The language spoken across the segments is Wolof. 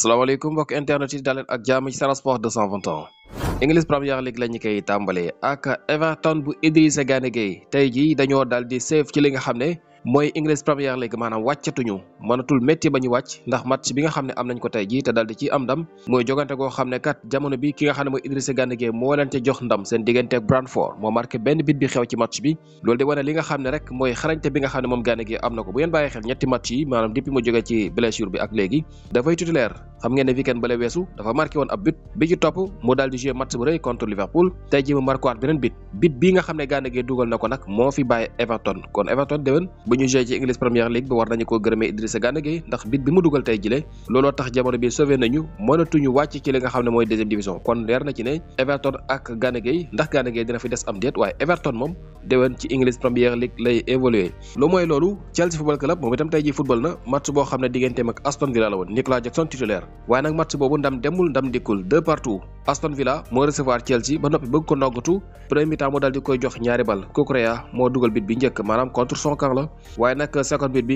salaamaaleykum mbokk internet yi daleen ak jàmm ci Sen Sports 221 English Premier League la ñu koy tàmbalee ak Everton bu Idrissa Gana Gueye tey jii dañoo daal di save ci li nga xam ne mooy English Premier League maanaam wàccatuñu mënatul métti ba ñu wàcc ndax match bi nga xam ne am nañ ko tey jii te dal di ci am ndam mooy jogante goo xam ne kat jamono bi ki nga xam ne mooy Idrissa Gana Gueye moo leen ca jox ndam seen diggante ak Brentford moo marqué benn bit bi xew ci match bi loolu di wane li nga xam ne rek mooy xarañte bi nga xam ne moom Gana Gueye am na ko bu ngeen bàyyi xel ñetti match yi maanaam depuis mu jóge ci blessure bi ak léegi xam ngeen ne weekend bale weesu dafa marqué woon ab but bi ci topp mu daal di joué match bu rëy contre Liverpool tey ji mu marqué beneen but but bii nga xam ne Gana Gueye dugal na ko nag moo fi bàyyi Everton kon Everton déwén bu ñu joué ci English Premier League bi war nañu koo gërëmee Idrissa Gana Gueye ndax but bi mu dugal tey jile looloo tax jamono bi sauvé nañu mënatuñu wàcc ci li nga xam ne mooy deuxième division kon leer na ci ne Everton ak Gana Gueye ndax Gana Gueye dina fi des am déet waaye Everton moom déwén ci English Premier League lay évolué lu mooy loolu Chelsea Football waaye nag match boobu ndam demul ndam dikkul deux partout Aston Villa moo recevoir Chelsea ba noppi bëgg ko noggatu premier mi moo daal di koy jox ñaari bal Cucurella moo dugal bit bi njëkk maanaam contre son camp la waaye nag second bit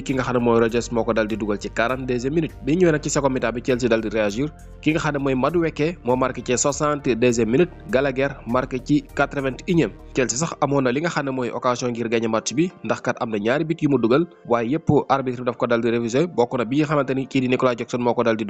mooy moo ko daal di dugal ci quarante-deuxième minute bi ñëwee nag ci second bi Chelsea daal di réagir ki nga xam ne mooy Madueke moo marqué ci soixante-deuxième minute Gallagher marqué ci quatre Chelsea sax amoon na li nga xam ne mooy occasion ngir gagné match bi ndax kat am na ñaari bit yu mu dugal waaye yëpp arbitre bi ko daal di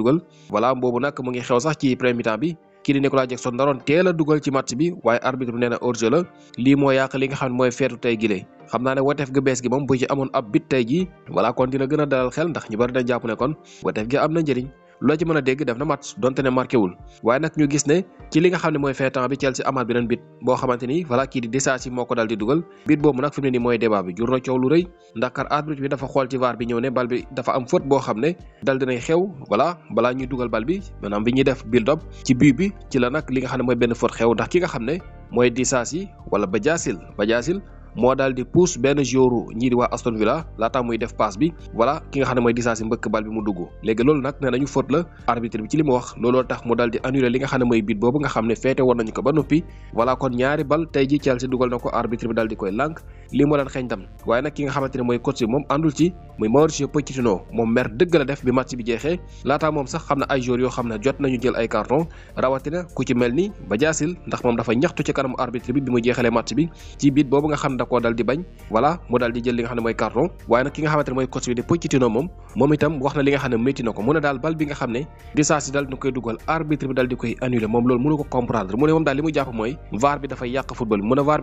wala boobu nag mu ngi xew sax ci premier mi-temps bi kii di Nicolas Jackson ndaroon teel a dugal ci match bi waaye arbitre bi nee na hors-jeu la lii moo yàq li nga xam ne mooy feetu tey gile xam naa ne wateef gi bees gi moom bu ci amoon ab bit tey jii wala kon dina gën a dalal xel ndax ñu bari da jàpp ne kon wateef gi am na njëriñ loo ci mën a dégg def na match donte ne marqué wul waaye nag ñu gis ne ci li nga xam ne mooy fin temps bi Chelsea amaat beneen bit boo xamante ni voilà kii di Disasi moo ko dal di dugal bit boobu nag fi mu ne nii mooy débat bi jur na coow lu rëy ndax kat arbitre bi dafa xool ci VAR bi ñëw ne bal bi dafa am faute boo xam ne dal dinay xew voilà balaa ñuy dugal bal bi maanaam bi ñuy def build up ci but bi ci la nag li nga xam ne mooy benn faute xew ndax ki nga xam ne mooy Disasi wala Badiashile Badiashile moo daal di benn joueur ñii di waa Aston Villa laataa muy def passe bi voilà ki nga xam ne mooy Disasi mbëkk bal bi mu dugg léegi loolu nag nee nañu faute la arbitre bi ci li mu wax looloo tax mu daal di li nga xam ne mooy bit boobu nga xam ne féete woon nañu ko ba noppi voilà kon ñaari bal tey ji Chelsea dugal na ko arbitre bi daal di koy lànk lii moo leen xeeñ dam waaye nag ki nga xamante ne mooy coach bi moom àndul ci muy Mauricio Pochettino moom mer dëgg la def bi match bi jeexee laataa moom sax xam na ay joueurs yoo xam ne jot nañu jël ay carton rawatina ku ci mel ni Badiashile ndax moom dafa ñaxtu ci kanamu arbitre bi bi mu jeexalee match bi ci biit boobu nga xam ne da koo dal di bañ voilà mu dal di jël li nga xam ne mooy carton waaye nag ki nga xamante ne mooy coach bi di Pochettino moom moom na li nga xam ne métti na ko mu ne daal bal bi nga xam ne di saa si dal di koy dugal arbitre bi dal di koy annuler moom loolu mënu ko comprendre mu ne moom daal li mu jàpp mooy VAR bi dafay yàq football mu ne VAR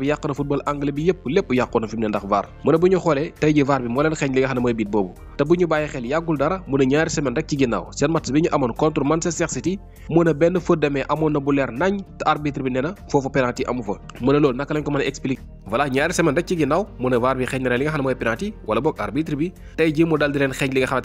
yàqu na fi mu ne ndax VAR mu ne bu ñu xoolee tey ji VAR bi moo leen xeeñ li nga xam ne mooy biit boobu te bu ñu bàyyi xel yàggul dara mu ne ñaari semaine rek ci ginnaaw seen match bi ñu amoon a expliquer na leen li nga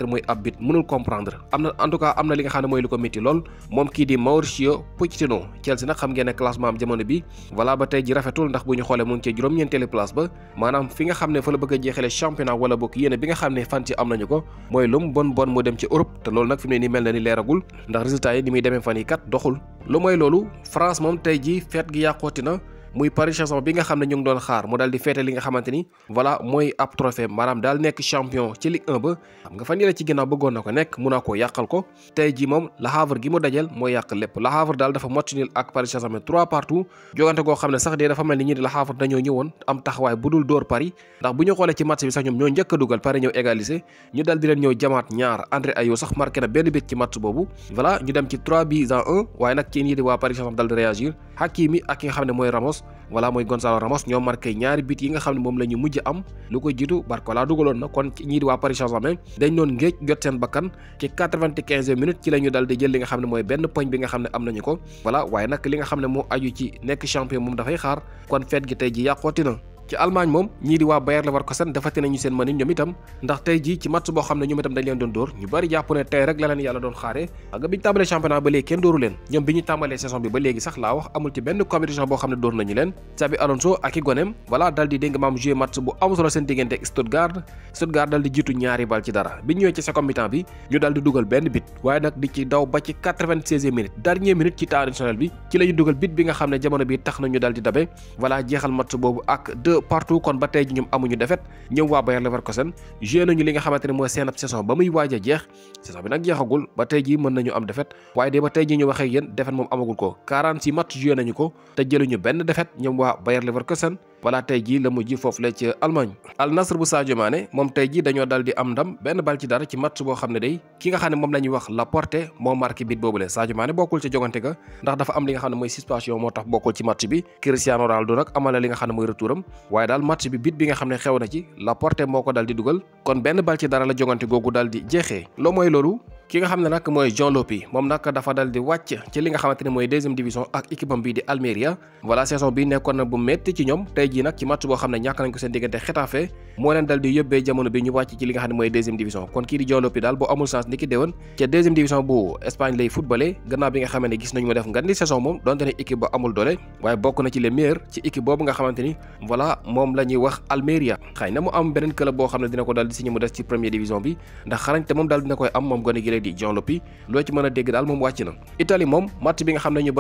comprendre am na en am na li nga xam ne mooy lu ko métti lool moom kii di Mauricio Pochettino Chelsea nag xam ngeen classement am jamono bi voilà ba tey ji rafetul ndax bu ñu xoolee mu ngi ci juróom-ñeenteeli place ba maanaam fi nga xam ne fa la bëgg a jeexale championnat wala bokk yéene bi nga xam ne fan ci am nañu ko mooy lu mu bon bon mu dem ci Europe te loolu nag fi mu ne ni mel na ni leeragul ndax résultat yi ni muy demee fan yi kat doxul lu mooy loolu France moom tey ji feet gi yàqooti na muy paris saint germain bi nga xam ne ñu ngi doon xaar mu daal di fete li nga xamante ni voilà mooy ab trophée maanaam daal nekk champion ci ligue 1 ba xam nga fan yële ci ginnaaw bëggoon na ko nekk mu naa koo yàqal ko tey ji moom la havre gi mu dajal mooy yàq lépp la havre daal dafa motti nil ak paris saint germain trois partout jogante koo xam ne sax dee dafa mel ni ñi la havre dañoo ñëwoon am taxawaay bu dul door paris ndax bu ñu xoolee ci match bi sax ñoom ñoo njëkk a dugal paris ñëw égalisé ñu daal di leen ñëw jamaat ñaar andré ayo sax marqué na benn bit ci match boobu voilà ñu dem ci 3 buts en 1 waaye nag ci ñii di waa paris saint germain daal di réagir hakimi ak ki nga xam ne mooy ramos Ramos voilà mooy Gonzalo Ramos ñoo marqué ñaari but yi nga xam ne moom la ñu mujj am lu ko jiitu Barcola dugaloon na kon ñii di waa Paris Saint-Germain dañ doon ngéej jot seen bakkan ci quatre ci la ñu dal di jël li nga xam ne mooy benn poñ bi nga xam ne am nañu ko voilà waaye nag li nga xam ne moo aju ci nekk champion moom dafay xaar kon feet gi tey ji yàqooti na ci allemagne mom ñi di wa bayer leverkusen defati nañu seen manim ñom itam ndax tay ji ci match bo xamne ñom itam dañ leen doon door ñu bari japp ne tay rek la leen yalla doon xare ak biñu tambalé championnat ba légui kenn dooru leen ñom biñu tambalé saison bi ba légui sax la wax amul ci benn competition bo xamne door nañu leen xabi alonso ak gonem wala daldi deng maam jouer match bu am solo seen digënté stuttgart stuttgart daldi jitu ñaari bal ci dara biñu ñëw ci second mi-temps bi ñu daldi duggal benn bit waye nak di ci daw ba ci 96e minute dernier minute ci temps additionnel bi ci lañu duggal bit bi nga xamne jamono bi tax nañu daldi dabé wala jéxal match bobu ak deux partout kon batay ñum amuñu defet ñew wa bayer leverkusen jeenu ñu li nga xamanteni moy seen ab saison ba muy waja jeex saison bi nak jeexagul batay ji meun nañu am defet waye de batay ji ñu waxe yeen defet mom amagul ko 46 match jeenu nañu ko te jeelu ñu ben defet ñum wa bayer leverkusen voilà tey jii la mujj foofu la ca Allemagne Al Nassr bu Sadio moom tey jii dañoo dal di am ndam benn bal ci dara ci match boo xam ne day ki nga xam ne moom la ñuy wax Laporte moo marqué bit boobule Sadio Mané bokkul ca jogante ga ndax dafa am li nga xam ne mooy suspension moo tax bokkul ci match bi Cristiano Ronaldo nag amala li nga xam ne mooy retouram waaye daal match bi bit bi nga xam ne xew na ci Laporte moo ko dal di dugal kon benn bal ci dara la jogante googu dal di jeexee loo mooy loolu ki nga xam ne nag mooy Jean bi moom nag dafa dal di wàcc ci li nga xamante ne mooy deuxième division ak équipe am bii di Almeria voilà saison bi nekkoon na bu métti ci ñoom tey jii nag ci match boo xam ne ñàkk nañ ko seen diggante Xetafe moo leen dal di yóbbee jamono bi ñu wàcc ci li nga xam ne mooy deuxième division kon kii di Diallopi daal bu amul chance ni ki ca deuxième division bu Espagne lay footballé gannaaw bi nga xamante ne gis nañu ma def nga ni saison moom donte ne équipe boo xam ne dina ko dal di signé mu des ci première division bi ndax xarañte moom daal dina koy am moom gone gi lay di Diallopi loo ci mën a dégg daal moom wàcc na Italie moom match bi nga xam ne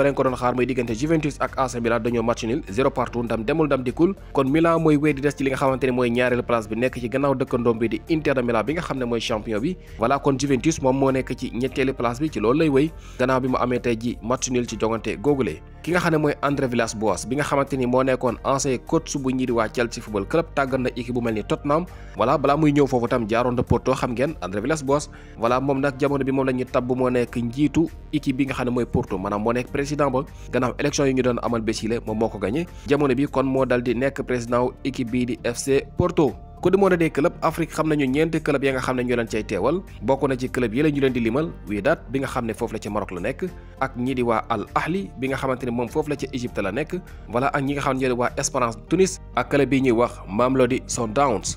place bi nekk ci gannaaw dëkkandoom bi di Inter de Milan bi nga xam ne mooy champion bi voilà kon Juventus moom moo nekk ci ñetteelu place bi ci loolu lay wéy gannaaw bi mu amee tey ji match ci jongante googule ki nga xamne moy andré villas boas bi nga xamanteni mo nekkon ancien coach bu ñi di wa chelsea football club tagal na équipe bu melni tottenham wala bala muy ñew fofu tam jaaroon de porto xam ngeen andré villas boas wala mom nak jamono bi mom lañu tabbu mo nekk njitu équipe bi nga xamne moy porto manam mo nekk président ba gannaaw élection yi ñu doon amal bessile mom moko gagné jamono bi kon mo daldi nekk président équipe bi di fc porto ku demone des clubs afrique xamna ñu ñent club ya nga xamne ñu leen cey téwal bokku na ci club yi ñu leen di limal wi dat bi nga xamne fofu la ci maroc la nek ak ñi di wa al ahli bi nga xamanteni mom fofu la ci egypte la nek wala ak ñi nga xamne ñi wa esperance tunis ak club bi ñi wax mamlodi sundowns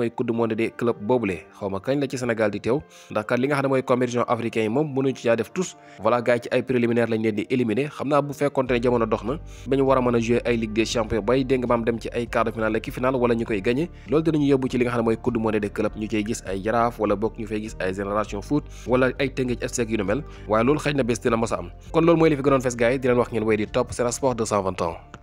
mooy coupe monde des club boobule xawma kagn la ci Sénégal di tew ndax kat li nga xam moy compétition africain mom moom ci ya def tous voilà gars ci ay préliminaire lañ leen di éliminer xamna bu fekkonte jamono doxna bañu wara mëna jouer ay ligue des champions bay déng maam dem ci ay quart de finale ak finale wala ñu gagner lolou dinañu yobbu ci li nga xam moy mooy coupe monde des club ñu cey gis ay jaraaf wala bok ñu fay gis ay génération foot wala ay Teungueth FC yu mel waaye lolou xëy na bés dina mos am kon lolou moy li fi gënon fess gars yi di leen wax ngeen way di top topp Sen Sports 221